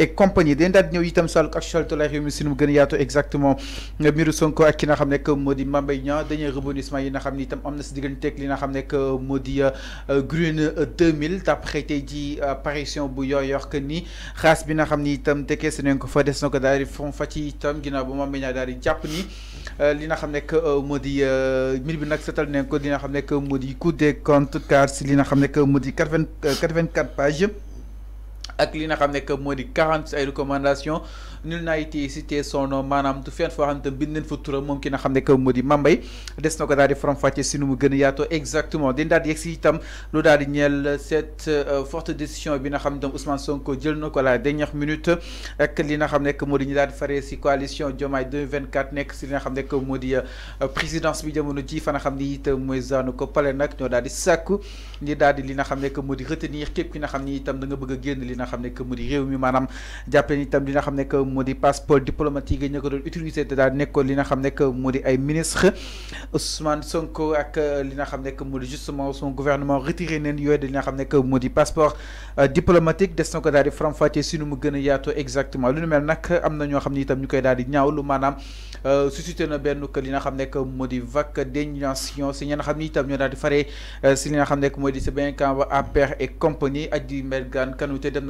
et compagnie dañ daal di ñëw itam sàllu actualité lay réew mi si nu gën a yaatu exactement mbiru Sonko ak ki xam ne que moo di yi nga xam ne itam am na si digganteeg li nga xam ne que moo euh, euh, bu yoo yor que ni xaas bi nga xam ni itam tekkee ko fa des na ko daal di fon fa ci itam ginnaaw ba jàpp ni euh, li nga xam ne que moo di mbir bi nag seetal nañ ko li nga xam ne que moo di Cour des comptes car si li nga xam ne que moo di quatre-vingt-quatre ak li nga xam que modi 46 recommandations nul n'a été cité son nom manam du fenn fo xam ne bind nañ fa turam moom ki nga xam que modi Mambay des na dal di from fàccee sinu mu gëna yato exactement di dal di yexi tam lu dal di ñeel cette euh, forte décision bi nga xam ne Ousmane Sonko jël na la dernière minute ak li nga xam que modi di ñu daal di faree ci coalition Jomay 2024 nek si li nga xam que modi euh, présidence bi jëmono ci fa nga xam ne itam mooy zaanu ko palé nak ñoo dal di sàkku ñi dal di li nga xam que modi retenir képp ki nga xam itam da nga bëgg a li nga xam que mu di réew mi maanaam jàppale ni itam euh, li nga xam ne que mu di passeport euh, diplomatique yi ñu utiliser daal nekkoon li nga xam que mu di ay ministre Ousmane Sonko ak li nga que mu justement son gouvernement retiré neen yooyu de li nga que mu di passeport diplomatique de na ko daal di faram-fàccee si nu mu gën a yaatoo exactement lu nu mel nag am na ñoo xam ne itam ñu koy daal di ñaawlu maanaam euh, suscité na benn que li nga que mu di vague d'indignation si ñi nga xam ne itam ñoo daal di faree si li nga xam ne que moo di APR et compagnie aji Mbergane Kanouté dem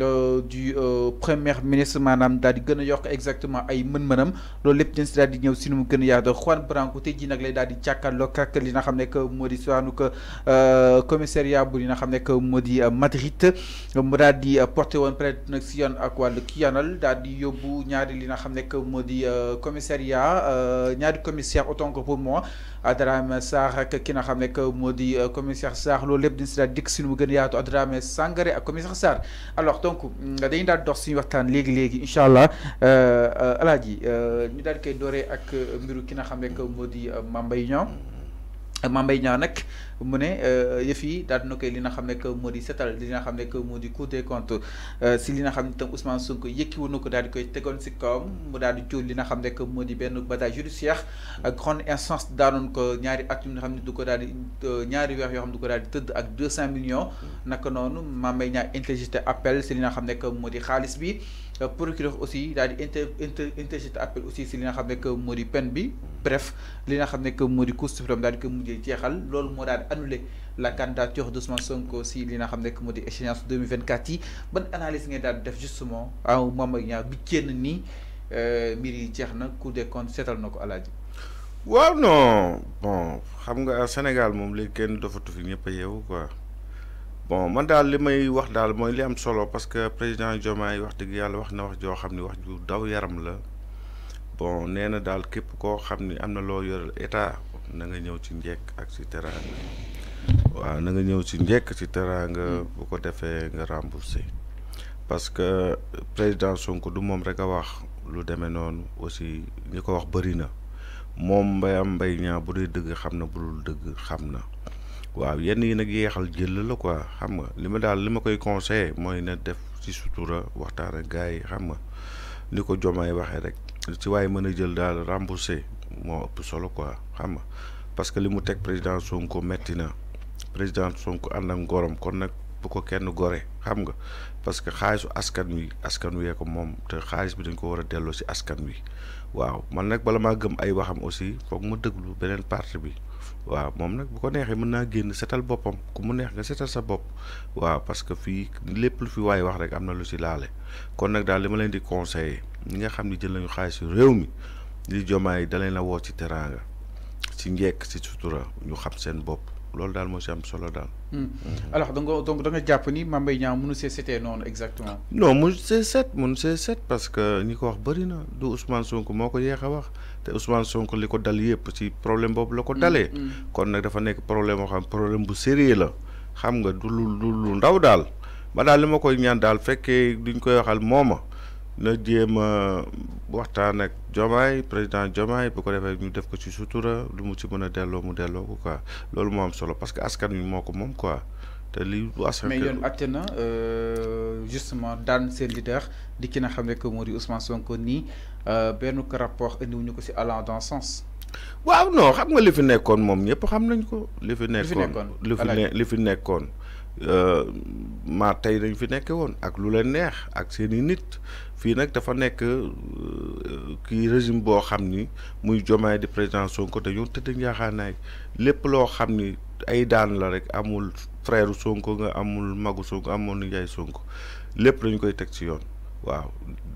Euh, du euh, premier ministre manam daal di exactement ay mën-mënam loolu lepp dañ si di ñëw Juan Branco tey ji nak lay daal di jàkkaarloog ak li nga que modi di que euh, commissariat bu li nga que modi Madrid mu daal di porté won peut nak nag si yoon ak wàllu kiyanal daal di yóbbu ñaari li nga xam que modi di ñaari commissaire autant que pour moi Adrame Sarr ak ki nga xam que modi commissaire Sarr le lepp dañ si daal dikk si nu Sangare ak commissaire Sarr alors. donc dañu daal dox suñu waxtaan léegi léegi incha allah euh, euh, alaaji euh, ñu daal di koy dooree ak mbiru ki nga xam ne moo di Mame Mbaye Mame Mbaye Niang nag mu ne euh, yëf yi daal dina koy li nga xam ne que moo di setal li nga xam ne que moo di Cour des comptes euh, si li nga xam ne itam Ousmane Sonko yëkkiwu na ko daal di koy tegoon si kawam mu daal di jur li xam ne moo di benn bataille judiciaire grande instance daanoon ko ñaari at noo xam ne du ko daal di euh, ñaari weer yoo xam ne du ko daal di tëdd ak deux cent millions naka noonu Mame Mbaye Niang appel si li nga xam ne que moo di xaalis bi procureur aussi daal di inter interjeté appel aussi si li na xam ne que moo di peine bi bref li nga xam ne que moo di Cour suprême daal di ko mujjee jeexal loolu moo daal annulé la candidature d'Ousmane Sonko si li nga xam ne que moo échéance 2024 yi ban analyse ngay dal def justement à ah, Mame Mbaye Niang bi kenn nii euh, mbir yi jeex Cour des comptes seetal nako aladi waaw non bon xam nga Sénégal mom li kenn dofatu fi ñepp yew quoi bon man dal limay wax dal moy li am solo parce que président Diomaye wax deug yalla wax na wax jo xamni wax ju daw yaram la bon nee dal kep ko koo amna lo am yoral état na nga ñew ci ndiek ak ci teranga wa na nga ñew ci ndiek ci teranga hmm. bu ko defé nga rembourser parce que président Sonko du mom rek a wax lu démé non aussi ñiko wax bëri na mbay am mbay ñaa bu dee deug xamna bu dul deug xamna wa yenn yi nak yeexal jël la quoi xam nga lima dal lima koy conseiller moy na def ci sutura waxtaan ak gars xam nga niko jomay waxe rek ci waaye meuna jël dal rembourser mo upp solo quoi xam nga parce que limu tek président Sonko metti na président Sonko and ak ngorom kon nak bu ko kenn gore xam nga parce que xaalisu askan wi askan wi ko mom te xaalis bi dañ ko wara delo ci askan wi waaw man nak bala ma gëm ay waxam aussi foog ma déglu benen parti bi waaw mom nak bu ko nexé mën genn setal boppam ku mu neex nga setal sa bop waaw parce que fi lepp lu fi way wax rek amna lu si laale kon nak dal lima len di conseiller ñi nga xam ni jël nañu xaalis réew mi li jomaay da leen a woo ci teraanga ci njekk ci sutura ñu xam seen bopp loolu daal moo si am solo daal. Hmm. alors donc donc da nga jàpp ni Mame Mbaye Niang mënu see setee noonu exactement. non mënu see set mënu see set parce que ñi ko wax bëri na du Ousmane Sonko moo ko yeex a wax te Ousmane Sonko li ko dal yëpp ci problème boobu la ko hmm, dalee. Hmm. kon nag dafa nekk problème boo xam problème bu sérieux la xam nga du lu lu ndaw daal ba daal li ma koy ñaan daal fekkee duñ koy waxal mooma. na jéem waxtan ak Diomaye président Diomaye bu ko defé ñu def ko ci sutura lu mu ci mëna a mu delloo ko quoi lolu mo am solo parce que askan wi moko mom quoi té li du askan mais yoon acte euh justement dan sen leader di ki na xam ne que moo Ousmane Sonko ni euh benn ko rapport indiwuñu ko ci allant dans sens waaw non xam nga li fi nekkon mom ñëpp xam nañ ko li fi nekkon li fi nekkon li fi nekkoon Euh, maa tey dañu fi nekkee woon ak lu leen neex ak seen i nit fii nag dafa nekk euh, kii régime boo xam ni muy Diomaye di président Sonko dañoo tëdd njaaxaanaay lépp loo xam ni ay daan la rek amul frère Sonko nga amul magu Sonko amoon nijaay Sonko lépp dañu koy teg ci yoon waaw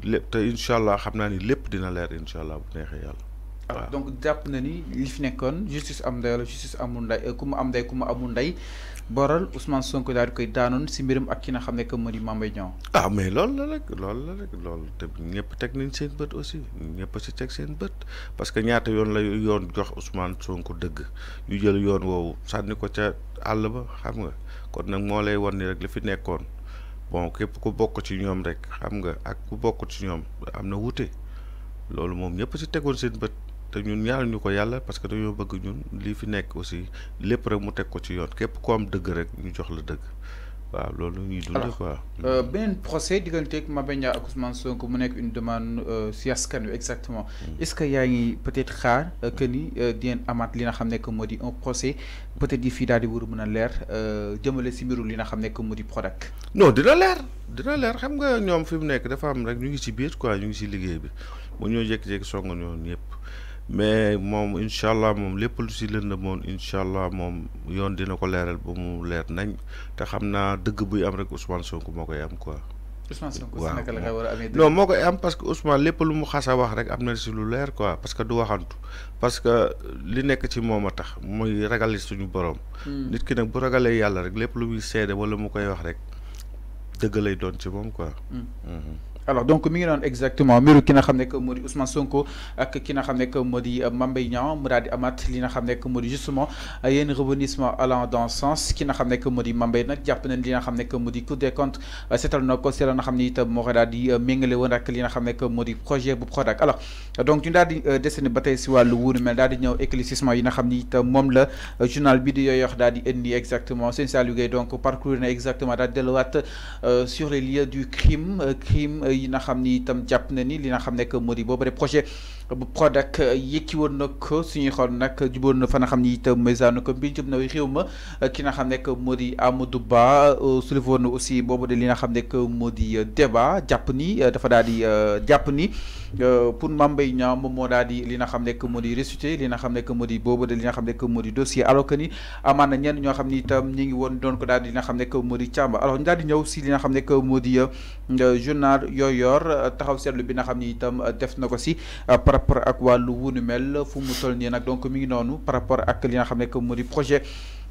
lépp te incha xam naa ni lépp dina leer incha allah bu neexee yàlla. waaw donc jàpp na ni li fi nekkoon justice am ndey wala justice amul ndey euh, ku mu am ndey ku mu amul ndey boral Ousmane Sonko daal di koy daanoon si mbirum ak ki nga xam ne que moo di Mame Mbaye ah mais loolu la rek loolu la rek loolu te ñëpp teg nañ seen bët aussi ñëpp si teg seen bët parce que ñaata yoon la yoon jox Ousmane Sonko dëgg yu jël yoon woowu sànni ko ca àll ba xam nga kon nag moo lay wan ni rek li fi nekkoon bon képp ku bokk ci ñoom rek xam nga ak ku bokk ci ñoom am na wuute loolu moom ñëpp si tegoon seen bët ñun ñaanuñu ñu ko yàlla parce que dañoo bëgg ñun li fi nekk aussi lépp rek mu teg ko ci yoon képp ko am dëgg rek ñu jox la dëgg waaw loolu ñuy dund quoi. Euh, beneen procès digganteeg Mame Mbaye ak Ousmane Sonko mu nekk une demande euh, si askan wi exactement. Mm. est-ce que yaa ngi peut-être xaar euh, que ni di ngeen amaat li nga xam ne que moo di un procès peut-être yi fii daal di war a mën a leer jëmale si mbiru li nga xam ne que moo di Prodac. non dina leer dina leer xam nga ñoom fi mu nekk dafa am rek ñu ngi ci biir quoi ñu ngi ci liggéey bi bu ñoo jékki-jékki song ñoom ñëpp. mais moom incha allah moom lépp lu si lënd moom incha allah moom yoon dina ko leeral ba mu leer nañ te xam naa dëgg buy am rek Ousmane Sonko moo koy am quoi. Ousmane Sonko si naka la nga war a amee. non moo koy am parce que Ousmane lépp lu mu xas a wax rek am na si lu leer quoi parce que du waxantu parce que li nekk ci moom a tax muy ragale suñu borom. Hmm. nit ki nag bu ragalee yàlla rek lépp lu muy seede wala mu koy wax rek dëgg lay doon ci moom quoi. Hmm. Hmm. alors donc mi ngi noonu exactement mbiru ki nga xam nekk Ousmane Sonko ak ki nga xam nekk moo di euh, Mame Mbaye Niang mu di li nga xam nekk moo justement euh, yenn rebondissement allant dans sens ki nga xam nekk moo di Mame Mbaye nag jàpp nañ li nga xam nekk moo di des comptes euh, na ko seetal na xam di mengalé won ak li nga xam nekk projet bu Prodac alors donc ñu daal di dessiner ba ci walu wàllu mel daal di ñëw éclaircissement yi nga xam ni mom la journal bi di yooyox daal di indi exactement sen Saliou donc parcourir na exactement daal di sur les lieux du crime crime yi nga xam ni itam jàpp na ni li xam nekk moo di boobu rek projet bu Prodac yëkki woon na xool nag juboon na fa nga xam ni itam maisaanu ko mbi jëm na réew ma ki nga xam nekk moo di Amadou Ba soulevé woon na aussi boobu de li nga xam nekk moo di débat jàpp ni dafa daal di jàpp ni pour Mame Mbaye Niang moom moo daal di li nga xam nekk moo di ressuscité li nga xam nekk moo di boobu de li nga xam nekk moo di dossier alors que ni amaan na ñenn ñoo xam ni itam ñu ngi woon doon ko daal di li nga xam nekk moo di càmba alors ñu daal di ñëw si li nga xam nekk moo di journal yooyu yor euh, taxaw seetlu bi nga xam ni itam euh, def na ko si euh, par rapport ak wàllu wunu mel fu mu toll nii nag donc mi ngi noonu par rapport ak li nga xam ne que mu di projet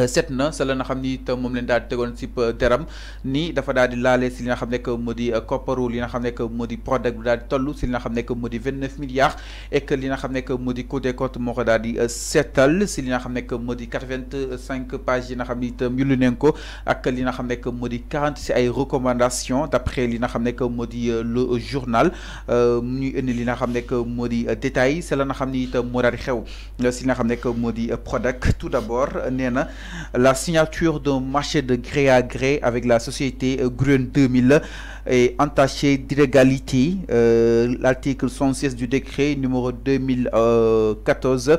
setna set na xamni la mom len ni it moom daal di tegoon si deram ni dafa daal di lalé si li nga xam nekk moo di li nga xam nekk moo di Prodac daal di tollu si li nga xam nekk moo di milliards et que li nga xam nekk moo di Cour des comptes moo daal di seetal si li nga xam nekk moo di pages yi nga xamni ni yullu nañ ko ak li nga xam nekk moo di quarante ay recommandations d'après li nga xam nekk moo le journal mu ñuy indi li nga xam nekk moo di détail sa la nga xam ni xew si li nga xam nekk moo di tout d'abord néna la signature d'un marché de gré à gré avec la société euh, Grune 2000 est entachée d'illégalité. Euh, l'article 116 du décret numéro 2014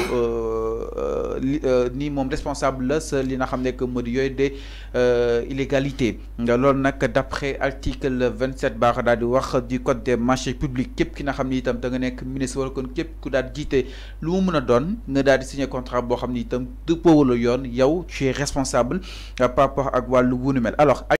Euh, euh, euh, ni mon responsable la sa li nga xam que moo di yooyu de illégalité lool nak d'après article 27 sept da di wax du code des marchés publics kep ki nga xamni ne itam da nga nek ministre wala kon kep ku daal jiite lu mu mën a doon nga daal di signer contrat boo xam ne itam dëppoowul yone yow tu es responsable par rapport ak walu wunu mel alors.